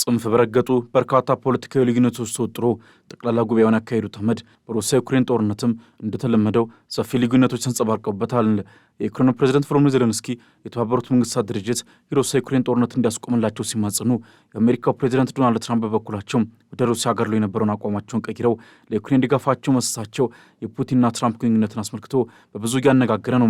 ጽንፍ በረገጡ በርካታ ፖለቲካዊ ልዩነቶች ተወጥሮ ጠቅላላ ጉባኤውን ያካሄዱት አመድ በሩሲያ ዩክሬን ጦርነትም እንደተለመደው ሰፊ ልዩነቶች ተንጸባርቀውበታል። የዩክሬኑ ፕሬዚደንት ቮሎዲሚር ዜለንስኪ የተባበሩት መንግስታት ድርጅት የሩሲያ ዩክሬን ጦርነት እንዲያስቆምላቸው ሲማጽኑ፣ የአሜሪካው ፕሬዚደንት ዶናልድ ትራምፕ በበኩላቸው ወደ ሩሲያ ሀገር ላይ የነበረውን አቋማቸውን ቀይረው ለዩክሬን ድጋፋቸው መስሳቸው የፑቲንና ትራምፕ ግንኙነትን አስመልክቶ በብዙ እያነጋገረ ነው።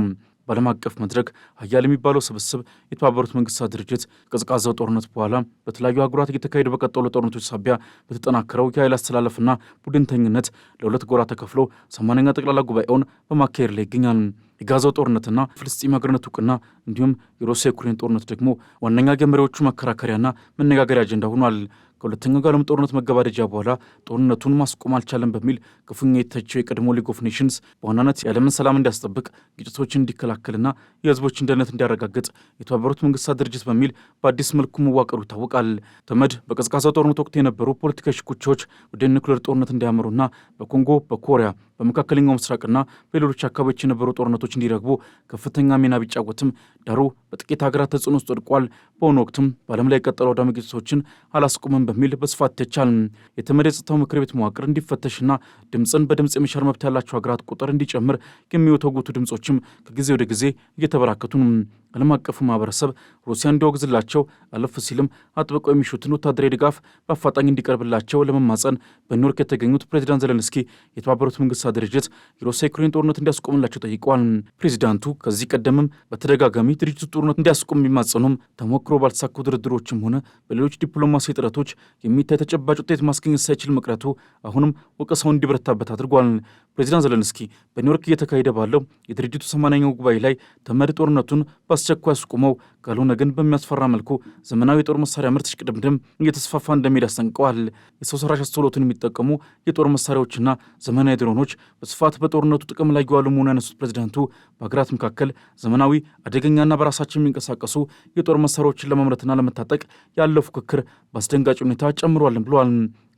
በዓለም አቀፍ መድረክ ሀያል የሚባለው ስብስብ የተባበሩት መንግስታት ድርጅት ቀዝቃዛው ጦርነት በኋላ በተለያዩ ሀገራት እየተካሄደ በቀጠሉ ጦርነቶች ሳቢያ በተጠናከረው የኃይል አስተላለፍና ቡድንተኝነት ለሁለት ጎራ ተከፍሎ ሰማንያኛ ጠቅላላ ጉባኤውን በማካሄድ ላይ ይገኛል። የጋዛው ጦርነትና ፍልስጤም ሀገርነት እውቅና እንዲሁም የሩሲያ ዩክሬን ጦርነት ደግሞ ዋነኛ ገመሪዎቹ መከራከሪያና መነጋገሪያ አጀንዳ ሆኗል። ከሁለተኛው ዓለም ጦርነት መገባደጃ በኋላ ጦርነቱን ማስቆም አልቻለም በሚል ክፉኛ የተቸው የቀድሞ ሊግ ኦፍ ኔሽንስ በዋናነት የዓለምን ሰላም እንዲያስጠብቅ፣ ግጭቶችን እንዲከላከልና የህዝቦችን ደህንነት እንዲያረጋግጥ የተባበሩት መንግስታት ድርጅት በሚል በአዲስ መልኩ መዋቀሩ ይታወቃል። ተመድ በቀዝቃዛው ጦርነት ወቅት የነበሩ ፖለቲካዊ ሽኩቻዎች ወደ ኒውክሌር ጦርነት እንዲያመሩና በኮንጎ በኮሪያ በመካከለኛው ምስራቅና በሌሎች አካባቢዎች የነበሩ ጦርነቶች እንዲረግቡ ከፍተኛ ሚና ቢጫወትም ዳሩ በጥቂት ሀገራት ተጽዕኖ ውስጥ ወድቋል። በአሁኑ ወቅትም በዓለም ላይ የቀጠሉ አውዳሚ ግጭቶችን አላስቆመም በሚል በስፋት ተቻል የተመድ የጸጥታው ምክር ቤት መዋቅር እንዲፈተሽና ድምፅን በድምፅ የመሻር መብት ያላቸው ሀገራት ቁጥር እንዲጨምር የሚወተጉቱ ድምፆችም ከጊዜ ወደ ጊዜ እየተበራከቱ ነው። ዓለም አቀፉ ማህበረሰብ ሩሲያ እንዲወግዝላቸው አለፍ ሲልም አጥብቀው የሚሹትን ወታደራዊ ድጋፍ በአፋጣኝ እንዲቀርብላቸው ለመማፀን በኒውዮርክ የተገኙት ፕሬዚዳንት ዘለንስኪ የተባበሩት መንግስታት ድርጅት የሩሲያ ዩክሬን ጦርነት እንዲያስቆምላቸው ጠይቀዋል። ፕሬዚዳንቱ ከዚህ ቀደምም በተደጋጋሚ ድርጅቱ ጦርነት እንዲያስቆም የሚማጸኑም ተሞክሮ ባልተሳኩ ድርድሮችም ሆነ በሌሎች ዲፕሎማሲ ጥረቶች የሚታይ ተጨባጭ ውጤት ማስገኘት ሳይችል መቅረቱ አሁንም ወቀሳው እንዲበረታበት አድርጓል። ፕሬዚዳንት ዘለንስኪ በኒውዮርክ እየተካሄደ ባለው የድርጅቱ ሰማንያኛው ጉባኤ ላይ ተመድ ጦርነቱን በአስቸኳይ አስቁመው ካልሆነ ግን በሚያስፈራ መልኩ ዘመናዊ የጦር መሳሪያ ምርት ሽቅድምድም እየተስፋፋ እንደሚሄድ አስጠንቀዋል። የሰው ሰራሽ አስተውሎትን የሚጠቀሙ የጦር መሳሪያዎችና ዘመናዊ ድሮኖች በስፋት በጦርነቱ ጥቅም ላይ የዋሉ መሆኑን ያነሱት ፕሬዚዳንቱ በሀገራት መካከል ዘመናዊ አደገኛ በእኛና በራሳችን የሚንቀሳቀሱ የጦር መሳሪያዎችን ለማምረትና ለመታጠቅ ያለው ፉክክር በአስደንጋጭ ሁኔታ ጨምሯልን ብለዋል።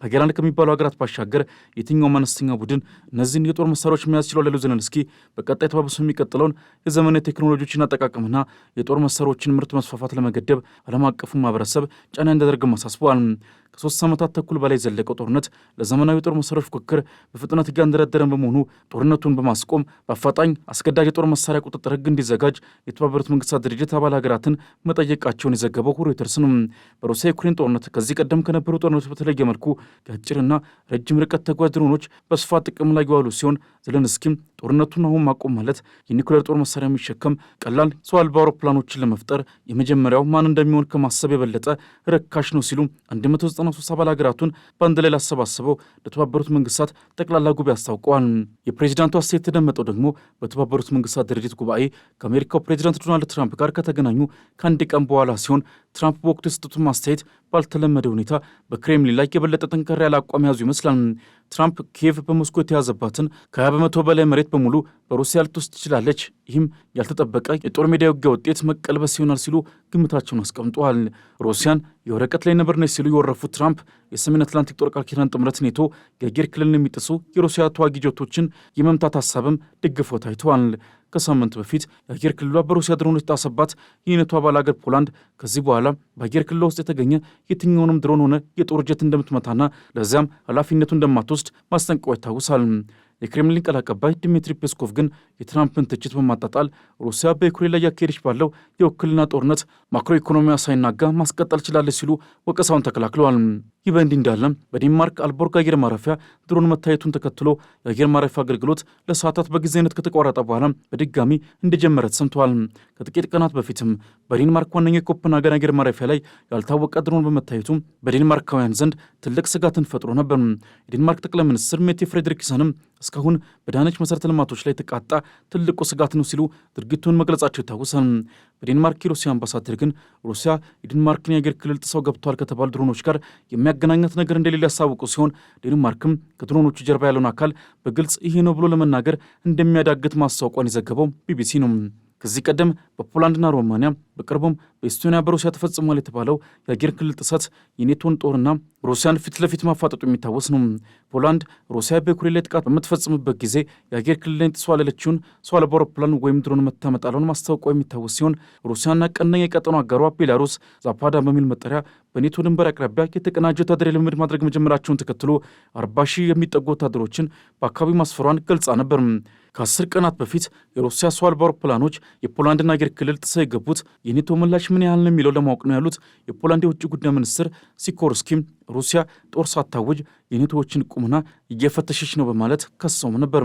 ሀገራን ከሚባሉ ሀገራት ባሻገር የትኛው አነስተኛ ቡድን እነዚህን የጦር መሳሪያዎች መያዝ ችሏል ያሉ ዘለንስኪ በቀጣይ ተባብሶ የሚቀጥለውን የዘመናዊ ቴክኖሎጂዎችን አጠቃቀምና የጦር መሳሪያዎችን ምርት መስፋፋት ለመገደብ ዓለም አቀፉ ማህበረሰብ ጫና እንዲያደርግም አሳስበዋል። ከሶስት ዓመታት ተኩል በላይ ዘለቀው ጦርነት ለዘመናዊ የጦር መሳሪያዎች ፉክክር በፍጥነት እንደረደረን በመሆኑ ጦርነቱን በማስቆም በአፋጣኝ አስገዳጅ የጦር መሳሪያ ቁጥጥር ህግ እንዲዘጋጅ የተባበሩት መንግስታት ድርጅት አባል ሀገራትን መጠየቃቸውን የዘገበው ሮይተርስ ነው። በሩሲያ ዩክሬን ጦርነት ከዚህ ቀደም ከነበሩ ጦርነቶች በተለየ መልኩ የአጭርና ረጅም ርቀት ተጓዥ ድሮኖች በስፋት ጥቅም ላይ የዋሉ ሲሆን ዘለንስኪም ጦርነቱን አሁን ማቆም ማለት የኒኩሌር ጦር መሳሪያ የሚሸከም ቀላል ሰው አልባ አውሮፕላኖችን ለመፍጠር የመጀመሪያው ማን እንደሚሆን ከማሰብ የበለጠ ርካሽ ነው ሲሉ 193 አባል ሀገራቱን በአንድ ላይ ላሰባሰበው ለተባበሩት መንግስታት ጠቅላላ ጉባኤ አስታውቀዋል። የፕሬዚዳንቱ አስተያየት የተደመጠው ደግሞ በተባበሩት መንግስታት ድርጅት ጉባኤ ከአሜሪካው ፕሬዚዳንት ዶናልድ ትራምፕ ጋር ከተገናኙ ከአንድ ቀን በኋላ ሲሆን ትራምፕ በወቅቱ የሰጡትን ማስተያየት ባልተለመደ ሁኔታ በክሬምሊን ላይ የበለጠ ጠንከር ያለ አቋም ያዙ ይመስላል። ትራምፕ ኪየቭ በሞስኮ የተያዘባትን ከ20 በመቶ በላይ መሬት በሙሉ በሩሲያ ልትወስድ ትችላለች፣ ይህም ያልተጠበቀ የጦር ሜዳ ውጊያ ውጤት መቀልበስ ይሆናል ሲሉ ግምታቸውን አስቀምጠዋል። ሩሲያን የወረቀት ላይ ነበር ነች ሲሉ የወረፉት ትራምፕ የሰሜን አትላንቲክ ጦር ቃል ኪዳን ጥምረት ኔቶ የአየር ክልልን የሚጥሱ የሩሲያ ተዋጊ ጀቶችን የመምታት ሀሳብም ደግፈው ታይተዋል። ከሳምንት በፊት የአየር ክልሏ በሩሲያ ድሮኖች ጣሰባት። የአይነቱ አባል አገር ፖላንድ ከዚህ በኋላ በአየር ክልሏ ውስጥ የተገኘ የትኛውንም ድሮን ሆነ የጦር ጀት እንደምትመታና ለዚያም ኃላፊነቱ እንደማትወስድ ማስጠንቀቋ ይታወሳል። የክሬምሊን ቃል አቀባይ ድሚትሪ ፔስኮቭ ግን የትራምፕን ትችት በማጣጣል ሩሲያ በዩክሬን ላይ ያካሄደች ባለው የውክልና ጦርነት ማክሮ ኢኮኖሚያ ሳይናጋ ማስቀጠል ችላለች ሲሉ ወቀሳውን ተከላክለዋል። ይህ በእንዲህ እንዳለም በዴንማርክ አልቦርግ አየር ማረፊያ ድሮን መታየቱን ተከትሎ የአየር ማረፊያ አገልግሎት ለሰዓታት በጊዜነት ከተቋረጠ በኋላ በድጋሚ እንደጀመረ ተሰምተዋል። ከጥቂት ቀናት በፊትም በዴንማርክ ዋነኛ የኮፐንሃገን አየር ማረፊያ ላይ ያልታወቀ ድሮን በመታየቱ በዴንማርካውያን ዘንድ ትልቅ ስጋትን ፈጥሮ ነበር። የዴንማርክ ጠቅላይ ሚኒስትር ሜቴ ፍሬድሪክሰንም እስካሁን በዳነች መሠረተ ልማቶች ላይ የተቃጣ ትልቁ ስጋት ነው ሲሉ ድርጊቱን መግለጻቸው ይታወሳል። በዴንማርክ የሩሲያ አምባሳደር ግን ሩሲያ የዴንማርክን የአየር ክልል ጥሰው ገብተዋል ከተባሉ ድሮኖች ጋር የሚያገናኛት ነገር እንደሌለ ያሳውቁ ሲሆን ዴንማርክም ከድሮኖቹ ጀርባ ያለውን አካል በግልጽ ይሄ ነው ብሎ ለመናገር እንደሚያዳግት ማስታወቋን የዘገበው ቢቢሲ ነው። ከዚህ ቀደም በፖላንድና ሮማንያ በቅርቡም በኤስቶኒያ በሩሲያ ተፈጽሟል የተባለው የአየር ክልል ጥሰት የኔቶን ጦርና ሩሲያን ፊት ለፊት ማፋጠጡ የሚታወስ ነው። ፖላንድ ሩሲያ በዩክሬን ላይ ጥቃት በምትፈጽምበት ጊዜ የአየር ላይ ጥሶ ያለችውን ሰው አልባ አውሮፕላን ወይም ድሮን መታመጣለውን ማስታወቋ የሚታወስ ሲሆን ሩሲያና ቀናኛ የቀጠኑ አጋሯ ቤላሩስ ዛፓዳ በሚል መጠሪያ በኔቶ ድንበር አቅራቢያ የተቀናጀ ወታደር ልምምድ ማድረግ መጀመራቸውን ተከትሎ አርባ ሺህ የሚጠጉ ወታደሮችን በአካባቢው ማስፈሯን ገልጻ ነበር። ከአስር ቀናት በፊት የሩሲያ ሰው አልባ አውሮፕላኖች የፖላንድን አየር ክልል ጥሰው የገቡት የኔቶ ምላሽ ምን ያህል ነው የሚለው ለማወቅ ነው ያሉት የፖላንድ የውጭ ጉዳይ ሚኒስትር ሲኮርስኪም ሩሲያ ጦር ሳታውጅ የኔቶዎችን ቁመና እየፈተሸች ነው በማለት ከሰውም ነበር።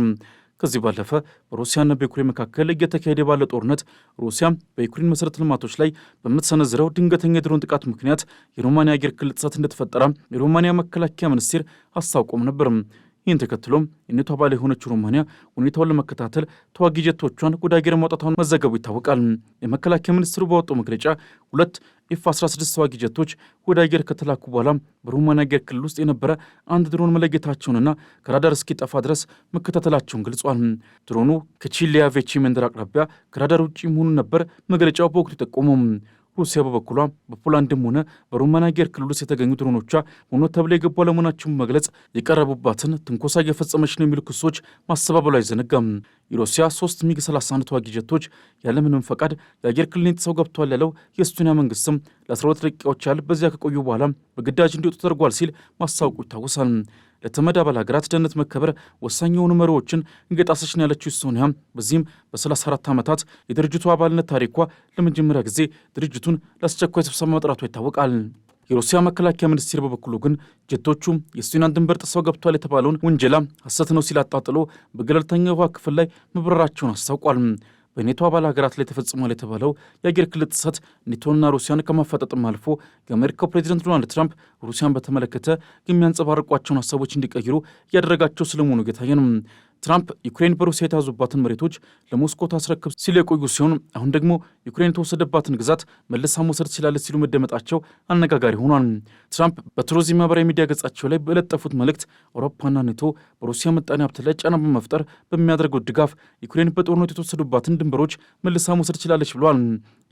ከዚህ ባለፈ በሩሲያና በዩክሬን መካከል እየተካሄደ ባለ ጦርነት ሩሲያ በዩክሬን መሠረተ ልማቶች ላይ በምትሰነዝረው ድንገተኛ የድሮን ጥቃት ምክንያት የሮማንያ አየር ክልል ጥሰት እንደተፈጠረ የሮማንያ መከላከያ ሚኒስቴር አስታውቆም ነበር። ይህን ተከትሎም የኔቶ አባል የሆነች ሩማንያ ሁኔታውን ለመከታተል ተዋጊ ጀቶቿን ወደ አገር ማውጣቷን መዘገቡ ይታወቃል። የመከላከያ ሚኒስትሩ ባወጣው መግለጫ ሁለት ኤፍ 16 ተዋጊ ጀቶች ወደ አየር ከተላኩ በኋላ በሩማንያ አየር ክልል ውስጥ የነበረ አንድ ድሮን መለጌታቸውንና ከራዳር እስኪጠፋ ድረስ መከታተላቸውን ገልጿል። ድሮኑ ከቺሊያቬቺ መንደር አቅራቢያ ከራዳር ውጭ መሆኑን ነበር መግለጫው በወቅቱ ጠቆመም። ሩሲያ በበኩሏ በፖላንድም ሆነ በሩማንያ አየር ክልል ውስጥ የተገኙ ድሮኖቿ ሆኖ ተብለው የገቡ አለመሆናቸውን መግለጽ የቀረቡባትን ትንኮሳ እየፈጸመች ነው የሚሉ ክሶች ማስተባበሉ አይዘነጋም። የሩሲያ ሶስት ሚግ 31 ተዋጊ ጀቶች ያለምንም ፈቃድ የአየር ክልል ጥሰው ገብተዋል ያለው የስቱኒያ መንግስትም ለ12 ደቂቃዎች ያህል በዚያ ከቆዩ በኋላ በግዳጅ እንዲወጡ ተደርጓል ሲል ማስታወቁ ይታወሳል። ለተመድ አባል ሀገራት ደህንነት መከበር ወሳኝ የሆኑ መሪዎችን እንገጣሰች ነው ያለችው ሶኒያ በዚህም በ34 ዓመታት የድርጅቱ አባልነት ታሪኳ ለመጀመሪያ ጊዜ ድርጅቱን ለአስቸኳይ ስብሰባ መጥራቷ ይታወቃል። የሩሲያ መከላከያ ሚኒስቴር በበኩሉ ግን ጀቶቹ የሱዳን ድንበር ጥሰው ገብቷል የተባለውን ውንጀላ ሐሰት ነው ሲል አጣጥሎ በገለልተኛ ውሃ ክፍል ላይ መብረራቸውን አስታውቋል። በኔቶ አባል ሀገራት ላይ ተፈጽሟል የተባለው የአየር ክልል ጥሰት ኔቶና ሩሲያን ከማፋጠጥም አልፎ የአሜሪካው ፕሬዚደንት ዶናልድ ትራምፕ ሩሲያን በተመለከተ የሚያንጸባርቋቸውን ሀሳቦች እንዲቀይሩ እያደረጋቸው ስለመሆኑ ነው። ትራምፕ ዩክሬን በሩሲያ የተያዙባትን መሬቶች ለሞስኮ ታስረክብ ሲሉ የቆዩ ሲሆን አሁን ደግሞ ዩክሬን የተወሰደባትን ግዛት መልሳ መውሰድ ትችላለች ሲሉ መደመጣቸው አነጋጋሪ ሆኗል። ትራምፕ በትሮዚ ማህበራዊ ሚዲያ ገጻቸው ላይ በለጠፉት መልእክት አውሮፓና ኔቶ በሩሲያ ምጣኔ ሀብት ላይ ጫና በመፍጠር በሚያደርገው ድጋፍ ዩክሬን በጦርነቱ የተወሰዱባትን ድንበሮች መልሳ መውሰድ ትችላለች ብለዋል።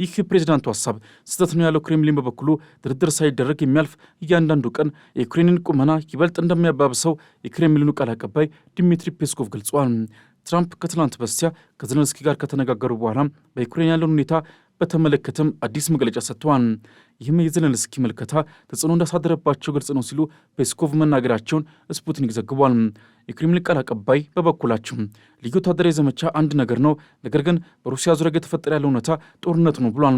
ይህ የፕሬዚዳንቱ ሀሳብ ስህተት ነው ያለው ክሬምሊን በበኩሉ ድርድር ሳይደረግ የሚያልፍ እያንዳንዱ ቀን የዩክሬንን ቁመና ይበልጥ እንደሚያባብሰው የክሬምሊኑ ቃል አቀባይ ዲሚትሪ ፔስኮቭ ገልጿል። ትራምፕ ከትላንት በስቲያ ከዘለንስኪ ጋር ከተነጋገሩ በኋላ በዩክሬን ያለውን ሁኔታ በተመለከተም አዲስ መግለጫ ሰጥተዋል። ይህም የዘለንስኪ ምልከታ ተጽዕኖ እንዳሳደረባቸው ግልጽ ነው ሲሉ ፔስኮቭ መናገራቸውን ስፑትኒክ ዘግቧል። የክሬምሊን ቃል አቀባይ በበኩላቸው ልዩ ወታደራዊ ዘመቻ አንድ ነገር ነው፣ ነገር ግን በሩሲያ ዙሪያ የተፈጠረ ያለው እውነታ ጦርነት ነው ብሏል።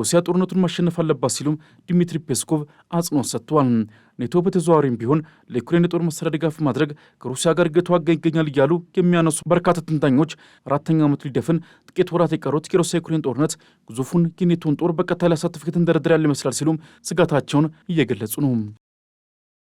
ሩሲያ ጦርነቱን ማሸነፍ አለባት ሲሉም ዲሚትሪ ፔስኮቭ አጽንኦት ሰጥተዋል። ኔቶ በተዘዋዋሪም ቢሆን ለዩክሬን የጦር መሳሪያ ድጋፍ ማድረግ ከሩሲያ ጋር እየተዋጋ ይገኛል እያሉ የሚያነሱ በርካታ ትንታኞች አራተኛ ዓመት ሊደፍን ጥቂት ወራት የቀሩት የሩሲያ ዩክሬን ጦርነት ግዙፉን የኔቶን ጦር በቀጥታ ሊያሳትፍ የተንደረደረ ያለ ይመስላል ሲሉም ስጋታቸውን እየገለጹ ነው።